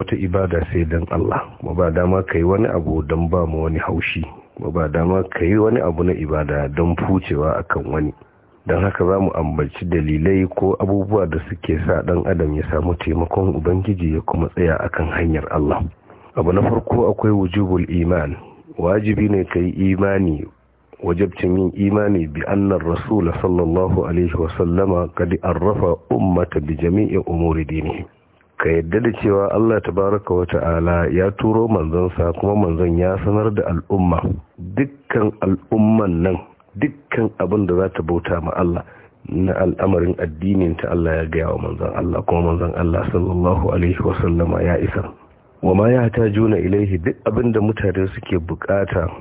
wata ibada sai don Allah ba ba dama ka yi wani abu don ba mu wani haushi ba ba dama ka yi wani abu na ibada don fucewa akan wani don haka za mu ambaci dalilai ko abubuwa da suke sa ɗan adam ya samu taimakon ubangiji ya kuma tsaya akan hanyar Allah abu na farko akwai wujubul iman wajibi ne ka yi imani wajabcin yin imani bi annar rasul sallallahu alaihi wasallama kadi arrafa ummata bi jami'i umuri dini ka yadda da cewa Allah tabaraka wa ta'ala ya turo manzansa kuma manzon ya sanar da al'umma dukkan al'umman nan dukkan abin da za ta bauta ma Allah na al'amarin addinin ta Allah ya gaya wa manzon Allah kuma manzon Allah sallallahu alaihi wasallama ya isa wa ma ya ta juna ilaihi duk abin da mutane suke bukata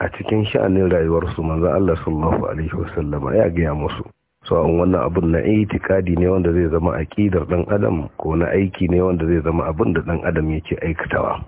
a cikin sha'anin rayuwarsu manzan Allah sallallahu alaihi wasallama ya gaya musu an wannan abun na itikadi ne wanda zai zama aƙidar ɗan adam ko na aiki ne wanda zai zama abin da ɗan adam yake aikatawa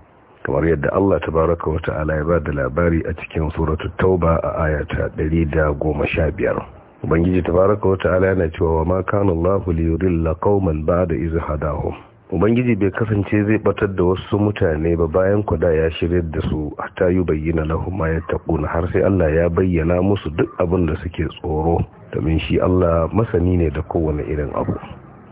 kamar yadda Allah tabaraka wa ta'ala ya da labari a cikin suratu tauba a ayata 115 ubangiji tabaraka wa ta'ala yana cewa wa ma kana Allahu liyudilla qauman ba'da iz hadahum ubangiji bai kasance zai batar da wasu mutane ba bayan kuda ya shirya da su a yi bayyana na ma ya taƙuna har sai Allah ya bayyana musu duk abin da suke tsoro domin shi Allah masani ne da kowane irin abu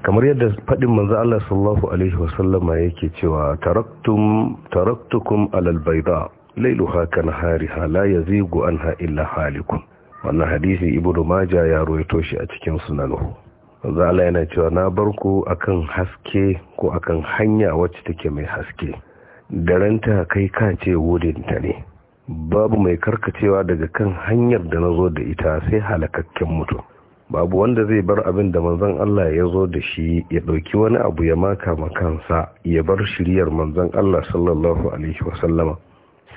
kamar yadda faɗin manzo Allah sallallahu alaihi wasallama yake cewa taraktum taraktukum alal bayda lailuha kanahariha la yazigu anha illa halikum wannan hadisi ibnu majah ya ruwaito shi a cikin sunanuhu Za zala yana cewa na bar ku akan haske ko akan hanya wacce take mai haske daranta kai ka ce wurinta ne babu mai karkacewa daga kan hanyar da na zo da ita sai halakakken mutum babu wanda zai bar abin da manzon Allah ya zo da shi ya ɗauki wani abu ya maka makansa ya bar shiryar manzon Allah sallallahu alaihi wasallama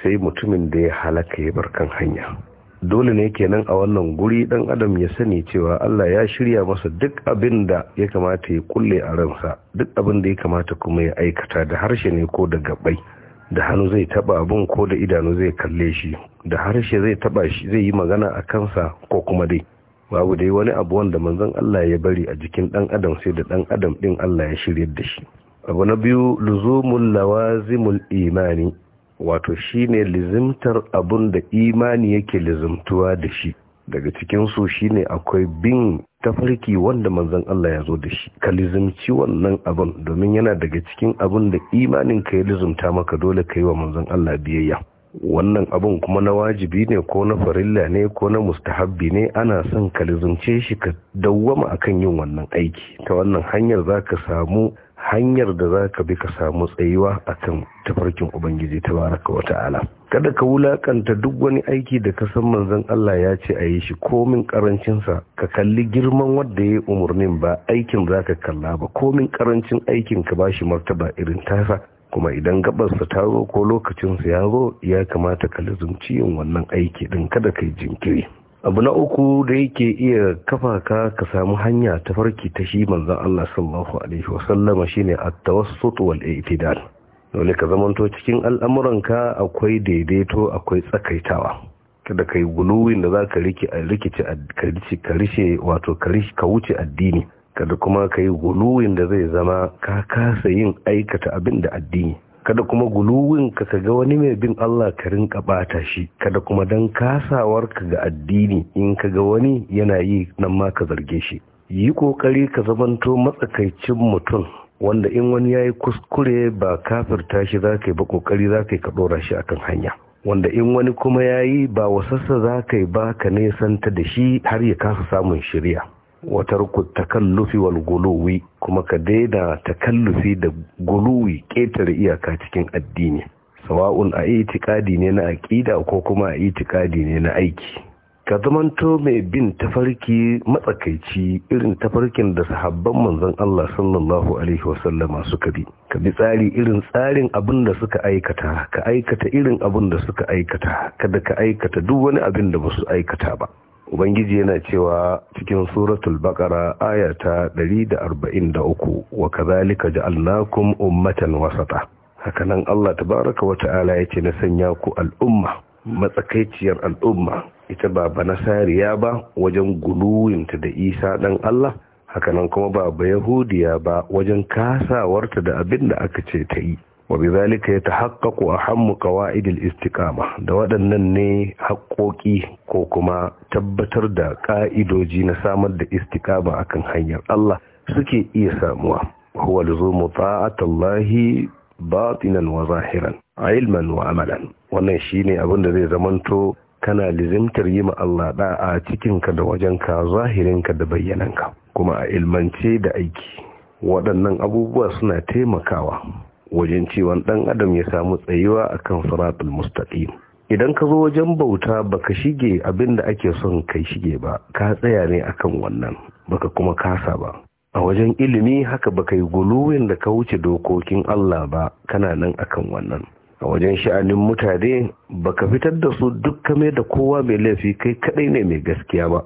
sai mutumin da ya halaka ya bar kan hanya dole ne kenan a wannan guri dan adam ya sani cewa Allah ya shirya masa duk abin da ya kamata ya kulle a ransa duk abin da ya kamata kuma ya aikata da harshe ne ko da gabai da hannu zai taba abin ko da idanu zai kalle shi da harshe zai taba shi zai yi magana a kansa ko kuma dai babu dai wani abu wanda manzon Allah ya bari a jikin dan adam sai da dan adam din Allah ya shiryar da shi abu na biyu luzumul lawazimul imani wato shine lizimtar abun da imani yake lizimtuwa da shi daga cikinsu shine akwai bin tafarki wanda manzon Allah ya zo da shi ka lizimci wannan abun domin yana daga cikin abun da imanin ka ya lizimta maka dole ka yi wa manzon Allah biyayya wannan abun kuma na wajibi ne ko na farilla ne ko na mustahabbi ne ana son ka lizimce shi ka dawwama akan yin wannan aiki ta wannan hanyar za ka samu hanyar da za ka bi ka samu tsayuwa a kan tafarkin ubangiji ta baraka wa ta'ala kada ka wulakanta duk wani aiki da ka san manzon Allah ya ce a yi shi komin karancinsa ka kalli girman wanda ya yi umarnin ba aikin za ka kalla ba komin karancin aikin ka ba shi martaba irin tasa kuma idan gabarsa ta zo ko lokacinsa ya zo ya kamata ka lizumci yin wannan aiki din kada ka yi jinkiri abu na uku da yake iya kafa ka ka samu hanya ta farki ta shi manzan Allah sallallahu alaihi wasallama shine at-tawassut wal i'tidal dole ka zamanto cikin al'amuranka akwai daidaito akwai tsakaitawa kada kai guluwin da zaka rike a rikice ka wato ka wuce addini kada kuma kai guluwin da zai zama ka kasa yin aikata abin da addini kada kuma guluwin ka ga wani mai bin Allah ka rinka bata shi kada kuma dan kasawar ka ga addini in ka ga wani yana yi nan ma ka zarge shi yi kokari ka zamanto matsakaicin mutum wanda in wani yayi kuskure ba kafirta shi za ka yi ba kokari za ka yi ka dora shi akan hanya wanda in wani kuma yayi ba wasassa za ka yi ba ka nesanta da shi har ya kasa samun shirya watarku takallufi wal guluwi kuma ka daida takallufi da guluwi ƙetare iyaka cikin addini sawa'un a itikadi ne na aƙida ko kuma a itikadi ne na aiki ka zamanto mai bin tafarki matsakaici irin tafarkin da sahabban manzon Allah sallallahu alaihi wasallama suka bi ka bi tsari irin tsarin abin da suka aikata ka aikata irin abin da suka aikata kada ka aikata duk wani abin da basu aikata ba ubangiji yana cewa cikin suratul da arba'in da uku wa kadhalika ja'alnakum ummatan wasata hakanan Allah ta tabaraka wa ta'ala yace na sanya ku al'umma matsakaiciyar al'umma ita ba banasariya ba wajen guluwinta da Isa dan Allah hakanan kuma ba yahudiya ba wajen kasawarta da abin da aka ce ta yi wa bi zalika yatahaqqaqu a qawaid al-istiqama da waɗannan ne haƙoƙi ko kuma tabbatar da ƙa'idoji na samar da istiqama akan hanyar Allah suke iya samuwa huwa luzumu ta'atallahi batinan wa zahiran ilman wa amalan wannan shine abin da zai zamanto kana lizimtar yi ma Allah da'a cikinka da wajenka zahirinka da bayyananka kuma a ilmance da aiki waɗannan abubuwa suna taimakawa wajen cewa dan adam ya samu tsayuwa akan siratul mustaqim idan ka zo wajen bauta baka shige abin da ake son kai shige ba ka tsaya ne akan wannan baka kuma kasa ba a wajen ilimi haka baka yi guluwin da ka wuce dokokin Allah ba kana nan akan wannan a wajen sha'anin mutane baka fitar da su duk kame da kowa mai laifi kai kadai ne mai gaskiya ba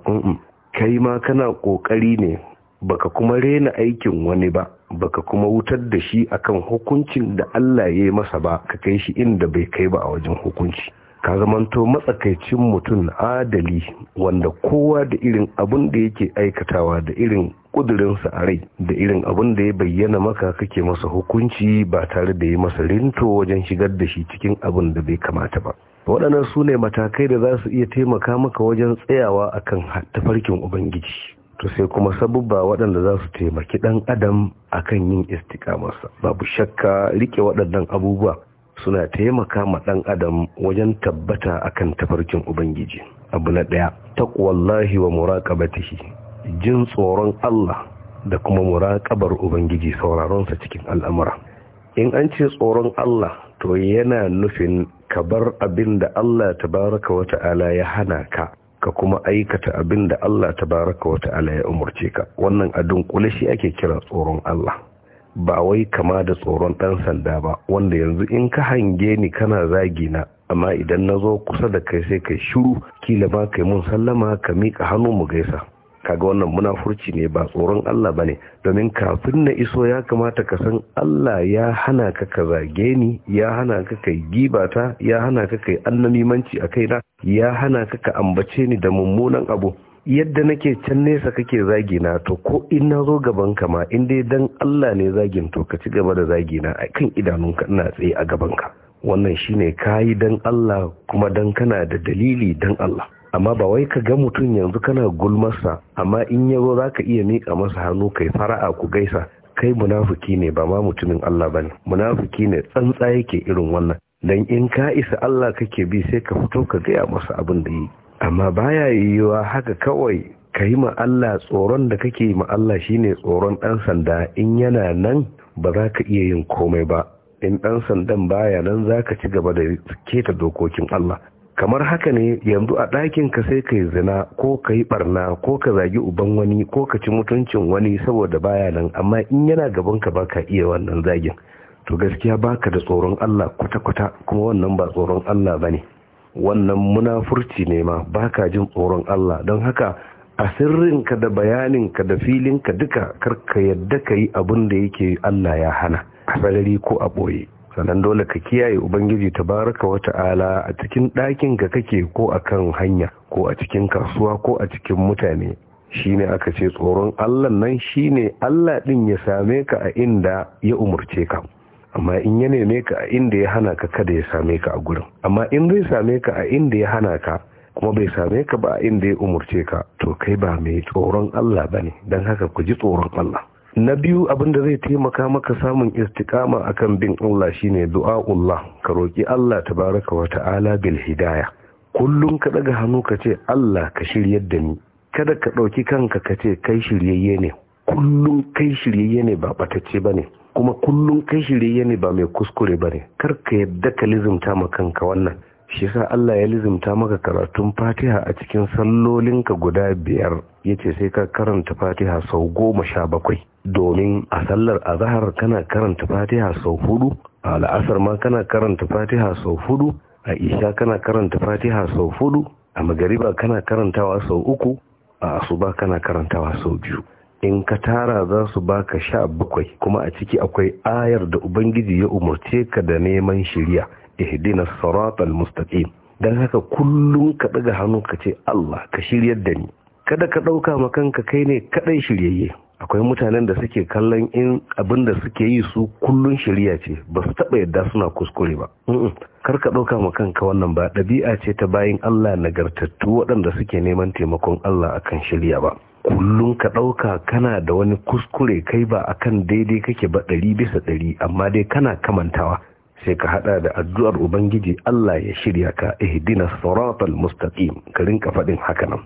kai ma kana kokari ne baka kuma rena aikin wani ba baka kuma wutar da shi akan hukuncin da Allah ya yi masa ba ka kai shi inda bai kai ba a wajen hukunci ka zamanto matsakaicin mutum adali wanda kowa da irin abin da yake aikatawa da irin kudurinsa a rai da irin abun da ya bayyana maka kake masa hukunci ba tare da yi masa rinto wajen shigar da shi cikin abin da bai kamata ba waɗannan su ne matakai da za su iya taimaka maka wajen tsayawa akan tafarkin ubangiji to sai kuma sabubba waɗanda za su taimaki ɗan adam kan yin istikamarsa babu shakka rike waɗannan abubuwa suna taimaka ma ɗan adam wajen tabbata akan tafarkin ubangiji abu na ɗaya taqwallahi wa muraqabatihi jin tsoron Allah da kuma muraƙabar ubangiji sauraronsa cikin al'amura in an ce tsoron Allah to yana nufin ka bar abin da Allah tabaraka wa ta'ala ya hana ka ka kuma aikata abin da Allah ta baraka wa ta'ala ya umarce ka wannan a dunkule shi ake kira tsoron Allah ba wai kama da tsoron ɗan sanda ba wanda yanzu in ka hange ni kana zagi na amma idan na zo kusa da kai sai kai shiru kila ma kai mun sallama ka miƙa hannu mu gaisa kaga wannan munafurci ne ba tsoron Allah ba ne domin kafin na iso ya kamata ka san Allah ya hana ka ka zage ni ya hana ka kai gibata ya hana ka kai annamimanci a kaina ya hana ka ka ambace ni da mummunan abu yadda nake can nesa kake zagi na to ko in na zo gaban ka ma in dai dan Allah ne zagin to ka ci gaba da zagi na a kan idanunka ina tsaye a gaban ka wannan shine kayi dan Allah kuma dan kana da dalili dan Allah amma ba wai ka ga mutum yanzu kana gulmarsa amma in ya zo za ka iya miƙa masa hannu kai fara'a ku gaisa kai munafuki ne ba ma mutumin Allah ba ne munafuki ne tsantsa yake irin wannan dan in ka isa Allah kake bi sai ka fito ka gaya masa abin da yi amma baya yiwuwa haka kawai ka yi ma Allah tsoron da kake yi ma Allah shine tsoron ɗan sanda in yana nan ba za ka iya yin komai ba in ɗan sandan baya nan za ka ci gaba da keta dokokin Allah kamar haka ne yanzu a ɗakin ka sai ka yi zina ko ka yi ɓarna, ko ka zagi uban wani ko ka ci mutuncin wani saboda baya nan amma in yana gaban ka baka iya wannan zagin to gaskiya baka da tsoron Allah kwata-kwata kuma wannan ba tsoron Allah ba ne. wannan munafurci ne ma baka jin tsoron Allah don haka a sirrinka da bayaninka da filinka duka kar ka yadda ka yi abin da yake Allah ya hana a sarari ko a ɓoye sannan dole ka kiyaye ubangiji tabaraka wata ala, a cikin ɗakin ka kake ko a kan hanya ko a cikin kasuwa ko a cikin mutane shine aka ce tsoron allah nan shine allah ɗin ya same ka a inda ya umarce ka amma in ya neme ka a inda ya hana ka kada ya same ka a gurin amma in zai same ka a inda ya hana ka kuma bai same ka ba a inda ya umarce ka to kai ba mai tsoron allah ba ne don haka ku ji tsoron allah na biyu abinda zai taimaka maka samun istiƙama akan bin Allah shine du'a'ullah ka roƙi Allah tabaraka wa ta'ala bil hidaya kullum ka ɗaga hannu ka ce Allah ka shirya da ni kada ka ɗauki kanka ka ce kai shiryayye ne kullum kai shiryayye ne ba batacce bane kuma kullum kai shiryayye ne ba mai kuskure bane kar ka yadda ka lizumta ma kanka wannan shi sa Allah ya lizimta maka karatun fatiha a cikin sallolinka guda biyar ya ce sai ka karanta fatiha sau goma sha bakwai domin a sallar azahar kana karanta fatiha sau hudu a la'asar ma kana karanta fatiha sau hudu a isha kana karanta fatiha sau hudu a magariba kana karantawa sau uku a asuba kana karantawa sau biyu in ka tara za su baka sha bakwai kuma a ciki akwai ayar da ubangiji ya umarce ka da neman shirya ihdina siratal mustaqim dan haka kullum ka daga hannu ka ce Allah ka shiryar da ni kada ka dauka ma kanka kai ne kadai shiryayye akwai mutanen da suke kallon in abin da suke yi su kullun shirya ce ba su taba yadda suna kuskure ba kar ka dauka ma kanka wannan ba dabi'a ce ta bayin Allah nagartattu waɗanda suke neman taimakon Allah akan shirya ba kullum ka ɗauka kana da wani kuskure kai ba akan daidai kake ba ɗari bisa ɗari amma dai kana kamantawa sai ka hada da addu'ar ubangiji Allah ya shirya ka ihdinas siratal mustaqim ka rinka fadin haka nan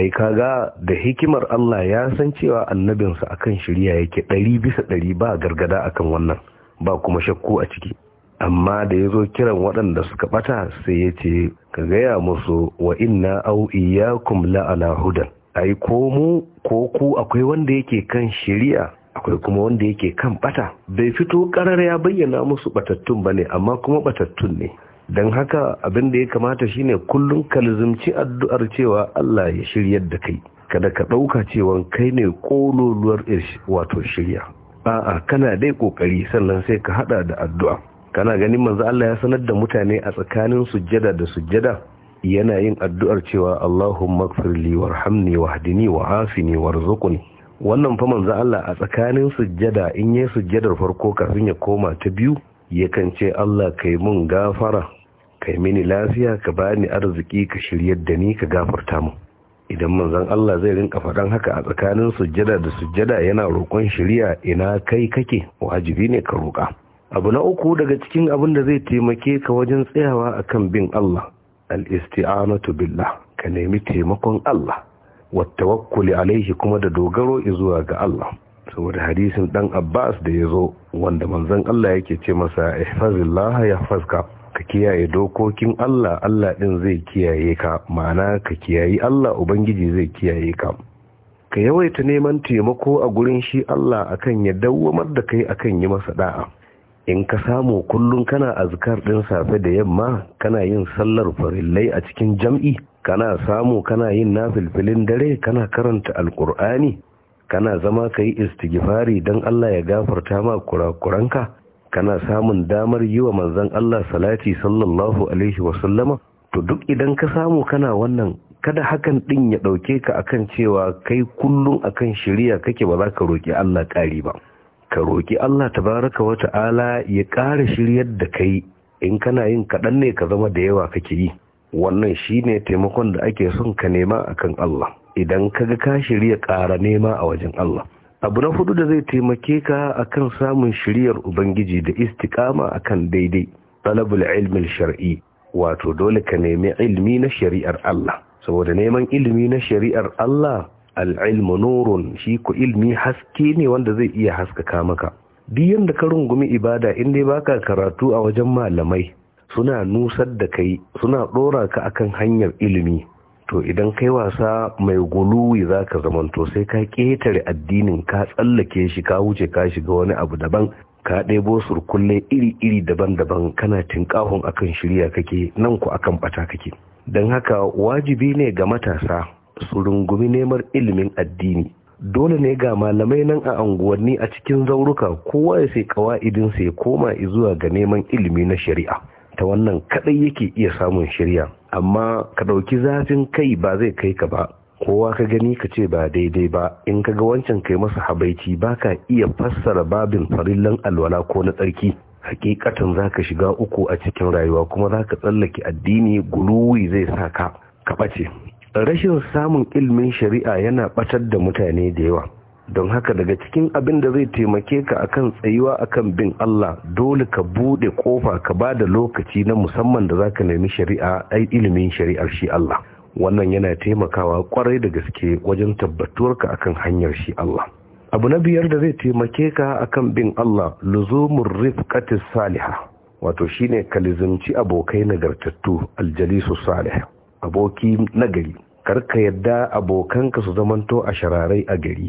ai kaga da hikimar Allah ya san cewa annabinsa akan shirya yake ɗari bisa ɗari ba gargada akan wannan ba kuma shakku a ciki amma da ya zo kiran waɗanda suka ɓata sai ya ce ka gaya musu wa inna au iyakum kumla hudan ai ko mu ko ku akwai wanda yake kan shari'a akwai kuma wanda yake kan bata bai fito karar ya bayyana musu batattun ba ne amma kuma batattun ne don haka abin da ya kamata shine kullum kalzumci addu'ar cewa Allah ya shirya da kai kada ka ɗauka cewa kai ne ƙololuwar wato shirya a'a kana dai ƙoƙari sannan sai ka hada da addu'a kana ganin manzo Allah ya sanar da mutane a tsakanin sujjada da sujjada yana yin addu'ar cewa Allahumma makfirli warhamni wahdini wa'afini warzuqni wannan fa manzo Allah a tsakanin sujjada in yayi sujjadar farko kafin ya koma ta biyu yakan ce Allah kai mun gafara kai mini lafiya ka bani arziki ka shiryar da ni ka gafarta mu idan manzon Allah zai rinka faɗan haka a tsakanin sujjada da sujjada yana roƙon shiriya ina kai kake wajibi ne ka roƙa abu na uku daga cikin abin da zai taimake ka wajen tsayawa akan bin Allah al-isti'anatu billah ka nemi taimakon Allah wattawakkuli alaihi kuma da dogaro zuwa ga Allah saboda hadisin dan Abbas da ya zo wanda manzon Allah yake ce masa ihfazillah yahfazka ka kiyaye dokokin Allah Allah din zai kiyaye ka ma'ana ka kiyayi Allah ubangiji zai kiyaye ka ka yawaita neman taimako a gurin shi Allah akan ya dawwamar da kai akan yi masa da'a in ka samu kullum kana azkar din safe da yamma kana yin sallar farillai a cikin jam'i kana samu kana yin nafilfilin dare kana karanta alkur'ani kana zama ka yi istighfari don Allah ya gafarta ma kurakuranka kana samun damar yi wa manzon Allah salati sallallahu alaihi wasallama to duk idan ka samu kana wannan kada hakan din ya dauke ka akan cewa kai kullum akan shiriya kake ba za ka roki Allah kari ba ka roki Allah tabaraka wa ta'ala ya ƙara shiryar da kai in kana yin kaɗan ne ka zama da yawa kake yi wannan shi ne taimakon da ake son ka nema akan Allah idan ka ga ka shirya ƙara nema a wajen Allah abu na hudu da zai taimake ka kan samun shiryar ubangiji da a kan daidai talabul ilmin shar'i wato dole ka nemi ilmi na shari'ar Allah saboda neman ilmi na shari'ar Allah al nurun shi ko ilmi haske ne wanda zai iya haskaka maka duk yadda ka rungumi ibada in dai baka karatu a wajen malamai suna nusar da kai suna ɗora ka akan hanyar ilimi to idan kai wasa mai guluwi za ka to sai ka ƙetare addinin ka tsallake shi ka wuce ka shiga wani abu daban ka ɗebo surkulle iri-iri daban-daban kana tinƙahun akan shirya kake nan ku akan ɓata kake don haka wajibi ne ga matasa su rungumi neman ilimin addini dole ne ga malamai nan a anguwanni a cikin zauruka kowa ya sai idin ya koma zuwa ga neman ilimi na shari'a ta wannan kadai yake iya samun shirya amma ka ɗauki zafin kai ba zai kai ka ba kowa ka gani ka ce ba daidai ba in ka ga wancan kai masa habaici ba ka iya fassara babin farillan alwala ko na tsarki hakikatan za ka shiga uku a cikin rayuwa kuma za ka tsallake addini guluwi zai sa ka ka ɓace rashin samun ilimin shari'a yana ɓatar da mutane da yawa don haka daga cikin abin da zai taimake ka akan tsayuwa akan bin Allah dole ka bude kofa ka ba da lokaci na musamman da zaka nemi shari'a ai ilimin shari'ar shi Allah wannan yana taimakawa kwarai da gaske wajen tabbatuwar ka akan hanyar shi Allah abu na biyar da zai taimake ka akan bin Allah luzumur rifqati saliha wato shine ka lizumci abokai nagartattu aljalisu salih aboki nagari karka yadda abokanka su zamanto a shararai a gari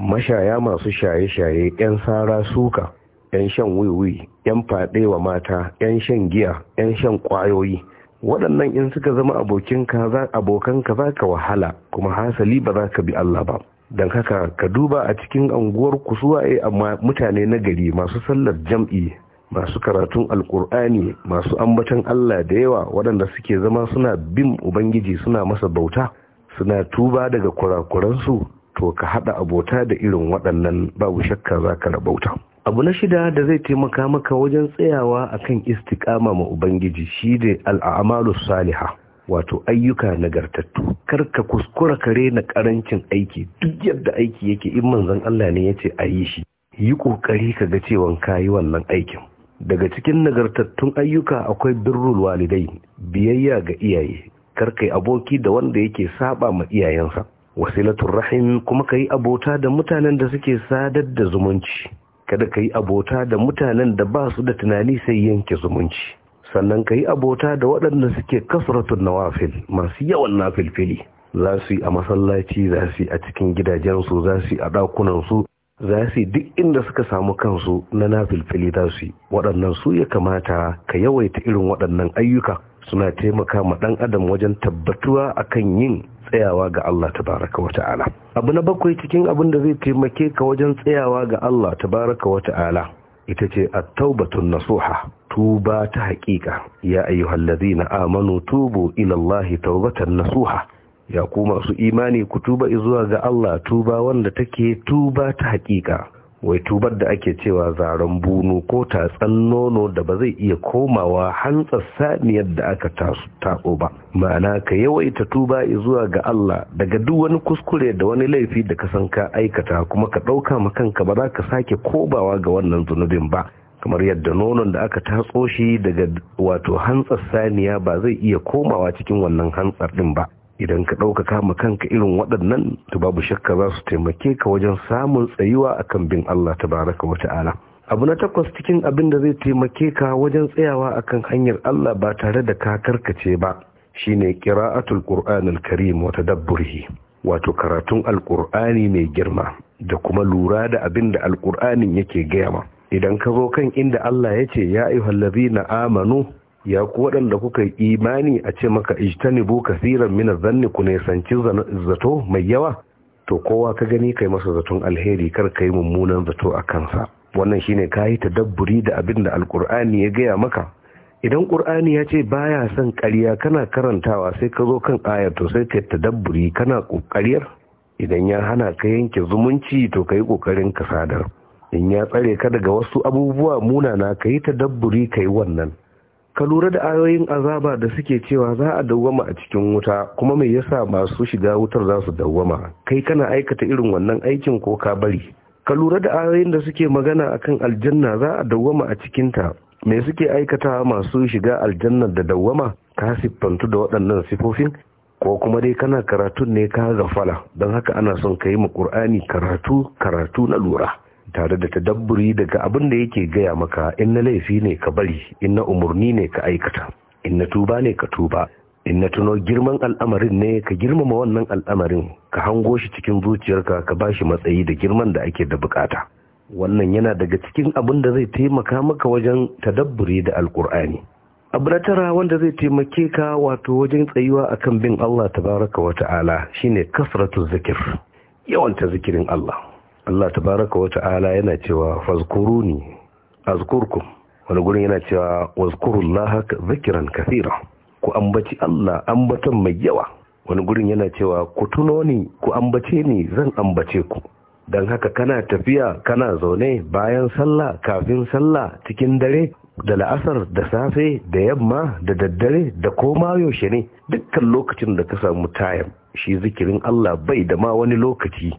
mashaya masu shaye-shaye 'yan sara suka 'yan shan wiwi 'yan faɗe wa mata 'yan shan giya 'yan shan ƙwayoyi waɗannan in suka zama abokinka abokanka za ka wahala kuma hasali ba za ka bi Allah ba don haka ka duba a cikin anguwar ku waye amma mutane na gari masu sallar jam'i masu karatun alkur'ani masu ambatan Allah da yawa waɗanda suke zama suna bin ubangiji suna masa bauta suna tuba daga kurakuransu to ka haɗa abota da irin waɗannan babu shakka za ka rabauta abu na shida da zai taimaka maka wajen tsayawa a kan istiƙama ma ubangiji shi ne al'amalu saliha wato ayyuka nagartattu kar ka kuskura kare na karancin aiki duk yadda aiki yake in manzan Allah ne ya ce a yi shi yi kokari ka ga cewa ka yi wannan aikin daga cikin nagartattun ayyuka akwai birrul walidai biyayya ga iyaye kar kai aboki da wanda yake saba ma iyayensa wasilatul rahim kuma ka abota da mutanen da suke sadar da zumunci kada ka abota da mutanen da ba su da tunani sai yanke zumunci sannan ka abota da waɗanda suke kasratun nawafil masu yawan nafilfili za su yi a masallaci za su yi a cikin gidajensu za su yi a ɗakunansu za su yi duk inda suka samu kansu na nafilfili za su yi waɗannan su ya kamata ka yawaita irin waɗannan ayyuka suna taimaka ma ɗan adam wajen tabbatuwa akan yin tsayawa ga Allah baraka wa ta'ala abu na bakwai cikin abin da zai taimake ka wajen tsayawa ga Allah tabaraka wa ta'ala ita ce a taubatun nasuha tuba ta haƙiƙa ya na amanu tubu ila Allah taubatan nasuha ya ku masu imani ku tuba zuwa ga Allah tuba wanda take tuba ta haƙiƙa wai tubar da ake cewa zaren bunu ko tatsan nono da ba zai iya komawa hantsar saniyar da aka taso ba ma'ana ka yawaita tuba zuwa ga Allah daga duk wani kuskure da wani laifi da ka san ka aikata kuma ka ɗauka ma kanka ba za ka sake kobawa ga wannan zunubin ba kamar yadda nonon da aka tatso shi daga wato hantsar saniya ba zai iya komawa cikin wannan hantsar din ba idan ka ɗaukaka ma kanka irin waɗannan to babu shakka za su taimake ka wajen samun tsayuwa akan bin Allah tabaraka wa ta'ala abu na takwas cikin abin da zai taimake ka wajen tsayawa akan hanyar Allah ba tare da ka karkace ba shine qira'atul qur'anil karim wa tadabburihi wato karatun alqur'ani mai girma da kuma lura da abin da alqur'anin yake gaya ma idan ka zo kan inda Allah ya ce ya ayyuhallazina amanu ya ku waɗanda kuka yi imani a ce maka ijtanibu kasiran min zanni ku ne sanci zato mai yawa to kowa ka gani kai masa zaton alheri kar kai mummunan zato a kansa wannan shine kayi tadabburi da abin da alqur'ani ya gaya maka idan ƙur'ani ya ce baya son ƙarya kana karantawa sai ka zo kan ayar to sai ka ta dabburi kana kokariyar idan ya hana ka yanke zumunci to kai kokarin ka sadar in ya tsare ka daga wasu abubuwa munana kai tadabburi kai wannan ka lura da ayoyin azaba da suke cewa za a dawwama a cikin wuta kuma mai yasa masu shiga wutar za su dawwama kai kana aikata irin wannan aikin ko ka bari ka lura da ayoyin da suke magana akan aljanna za a dawwama a cikinta me suke aikata masu shiga aljannar da dawwama ka siffantu da waɗannan sifofin ko kuma dai kana karatun ne ka gafala don haka ana son ka yi ma ƙur'ani karatu karatu na lura tare da tadabburi daga abin da yake gaya maka in na laifi ne ka bari in na umarni ne ka aikata in na tuba ne ka tuba in na tuno girman al'amarin ne ka girmama wannan al'amarin ka hango shi cikin zuciyarka ka ba shi matsayi da girman da ake da bukata wannan yana daga cikin abin da zai taimaka maka wajen tadabburi da alkur'ani abu na tara wanda zai taimake ka wato wajen tsayuwa akan bin Allah tabaraka wata'ala shine kasratu zikir yawanta zikirin Allah Allah tabaraka wa ta'ala yana cewa fazkuruni azkurkum wani gurin yana cewa wazkurullaha zikiran kathira ku ambaci Allah ambatan mai yawa wani gurin yana cewa ku tuno ni ku ambace ni zan ambace ku don haka kana tafiya kana zaune bayan sallah kafin sallah cikin dare da la'asar da safe da yamma da daddare da koma yaushe ne dukkan lokacin da ka samu tayam shi zikirin Allah bai da ma wani lokaci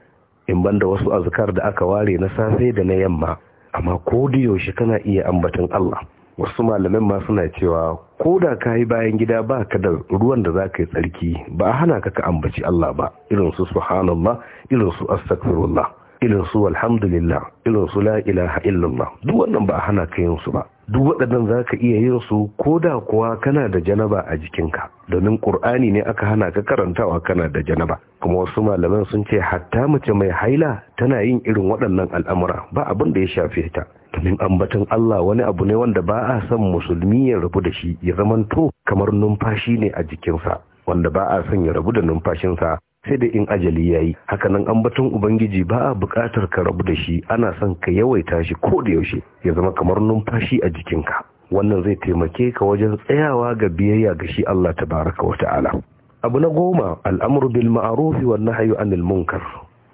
in banda wasu azkar da aka ware na safe da na yamma amma ko da yaushe kana iya ambaton Allah wasu malaman ma suna cewa ko da ka yi bayan gida ba ka da ruwan da za ka yi tsarki ba a hana ka ka ambaci Allah ba irin su subhanallah irin su astaghfirullah irin su alhamdulillah irin su la ilaha illallah duk wannan ba a hana ka yin su ba duk waɗannan za ka iya yin su ko da kuwa kana da janaba a jikinka domin ƙur'ani ne aka hana ka karantawa kana da janaba kuma wasu malaman sun ce hatta mace mai haila tana yin irin waɗannan al'amura ba abin da ya shafe ta domin ambaton Allah wani abu ne wanda ba a son musulmi ya rabu da shi ya zamanto kamar numfashi ne a jikinsa wanda ba a son ya rabu da numfashinsa sai da in ajali ya yayi hakanan ambaton ubangiji ba a buƙatar ka rabu da shi ana son ka yawaita shi ko da yaushe ya zama kamar numfashi a jikinka wannan zai taimake ka wajen tsayawa ga biyayya ga shi Allah tabaraka wa ta'ala abu na goma al'amru bil ma'ruf wa nahyu anil munkar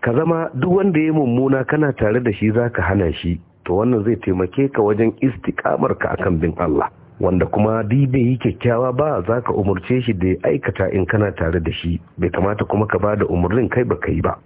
ka zama duk wanda ya mummuna kana tare da shi zaka hana shi to wannan zai taimake ka wajen istiqamar ka akan bin Allah wanda kuma duk bai yi kyakkyawa ba za ka umarce shi da ya aikata in kana tare da shi bai kamata kuma ka ba da umarnin kai ba ka yi ba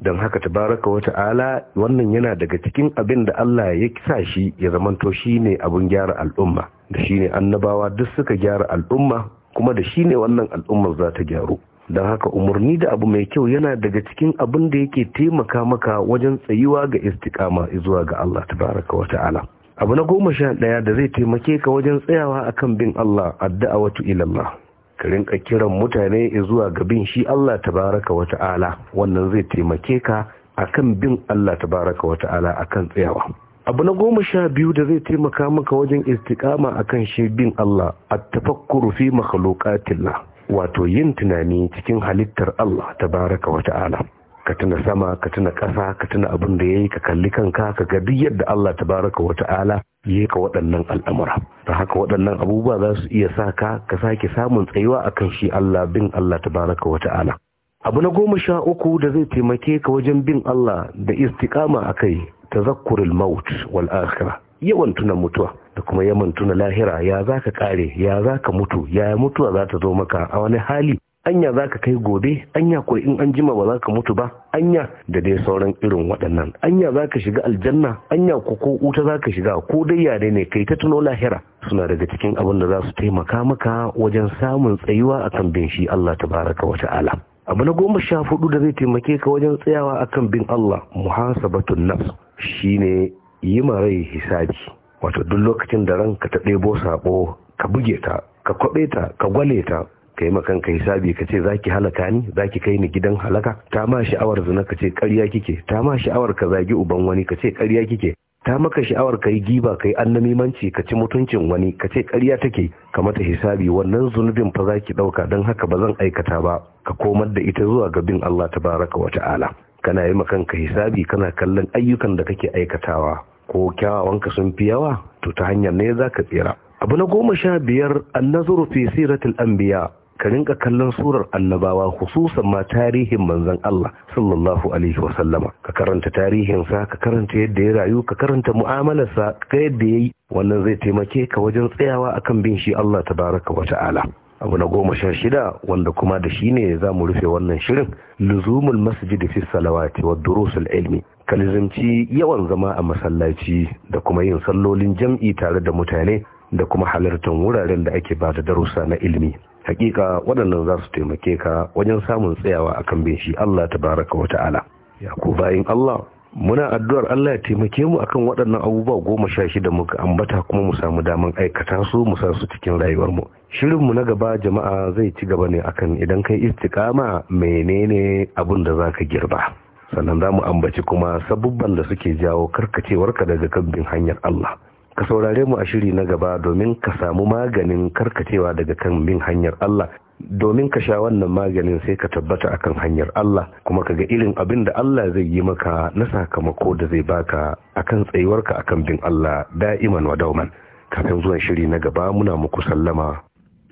don haka tabaraka wa ta'ala wannan yana daga cikin abin da Allah ya sa shi ya zamanto shi ne abin gyara al'umma da shi ne annabawa duk suka gyara al'umma kuma da shi ne wannan al'ummar za ta gyaru don haka umarni da abu mai kyau yana daga cikin abin da yake taimaka maka wajen tsayuwa ga istikama zuwa ga Allah tabaraka wa ta'ala abu na goma sha ɗaya da zai taimake ka wajen tsayawa akan bin Allah addu'a watu ilallah ka rinka kiran mutane zuwa ga bin shi Allah tabaraka wa ta'ala wannan zai taimake ka akan bin Allah tabaraka wa ta'ala akan tsayawa abu na goma sha biyu da zai taimaka maka wajen a akan shi bin Allah at-tafakkuru fi makhluqatillah wato yin tunani cikin halittar Allah tabaraka wa ta'ala ka tuna sama ka tuna ƙasa ka tuna abin da ya yi ka kalli kanka ka ga duk yadda Allah baraka wa ta'ala ya ka waɗannan al'amura ta haka waɗannan abubuwa za su iya sa ka ka sake samun tsayuwa akan shi Allah bin Allah tabaraka wa ta'ala abu na goma sha uku da zai taimake ka wajen bin Allah da a kai ta tazakkurul maut wal akhirah yawan tuna mutuwa da kuma yawan tuna lahira ya za ka ƙare ya za ka mutu ya mutuwa za ta zo maka a wani hali anya za ka kai gobe anya ko in an jima ba za ka mutu ba anya da dai sauran irin waɗannan anya za ka shiga aljanna anya ko ko wuta za ka shiga ko dai yare ne kai ta tuno lahira suna daga cikin abin da za su taimaka maka wajen samun tsayuwa akan bin shi Allah tabaraka wa ta'ala abu na goma sha hudu da zai taimake ka wajen tsayawa akan bin Allah muhasabatun nafs shine yi rai hisabi wato duk lokacin da ranka ta ɗebo saƙo, ka buge ta ka kwaɓe ta ka gwale ta kai makan kai sabi ka ce zaki halaka ni zaki kai ni gidan halaka ta ma sha'awar zina ka ce ƙarya kike ta ma sha'awar ka zagi uban wani ka ce ƙarya kike ta maka sha'awar ka giba ka annamimanci ka ci mutuncin wani ka ce ƙarya take ka mata hisabi wannan zunubin fa ki ɗauka don haka ba zan aikata ba ka komar da ita zuwa ga bin Allah tabaraka wa ta'ala kana yi makanka hisabi kana kallon ayyukan da kake aikatawa ko kyawawan ka sun fi yawa to ta hanyar ne za ka tsira abu na goma sha biyar annazuru fi siratul anbiya ka rinka kallon surar annabawa hususan ma tarihin manzon Allah sallallahu alaihi wa sallama. ka karanta tarihinsa ka karanta yadda ya rayu ka karanta mu'amalarsa ka yadda yayi wannan zai taimake ka wajen tsayawa akan bin shi Allah tabaraka wa ta'ala abu na goma sha shida wanda kuma da shi ne za mu rufe wannan shirin luzumul masjid fi salawati wa durusul ilmi kalizimci yawan zama a masallaci da kuma yin sallolin jam'i tare da mutane da kuma halartar wuraren da ake ba da darussa na ilmi hakika waɗannan za su taimake ka wajen samun tsayawa akan bin shi Allah ta baraka wa ta'ala ya ku bayin Allah muna addu'ar Allah ya taimake mu akan waɗannan abubuwa goma sha shida muka ambata kuma mu samu daman aikata su mu sa su cikin rayuwar rayuwarmu shirinmu na gaba jama'a zai ci gaba ne akan idan kai istikama. menene abin da za ka girba sannan za mu ambaci kuma sabubban da suke jawo karkacewarka daga kan bin hanyar Allah ka saurare mu a shiri na gaba domin ka samu maganin karkacewa daga kan bin hanyar Allah domin ka sha wannan maganin sai ka tabbata akan hanyar Allah kuma ka ga irin abin da Allah zai yi maka na sakamako da zai baka akan tsayuwarka akan bin Allah da'iman wa dauman kafin zuwan shiri na gaba muna muku sallama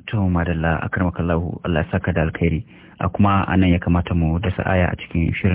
to madalla Allah Allah saka da alkhairi a kuma anan ya kamata mu da aya a cikin shirin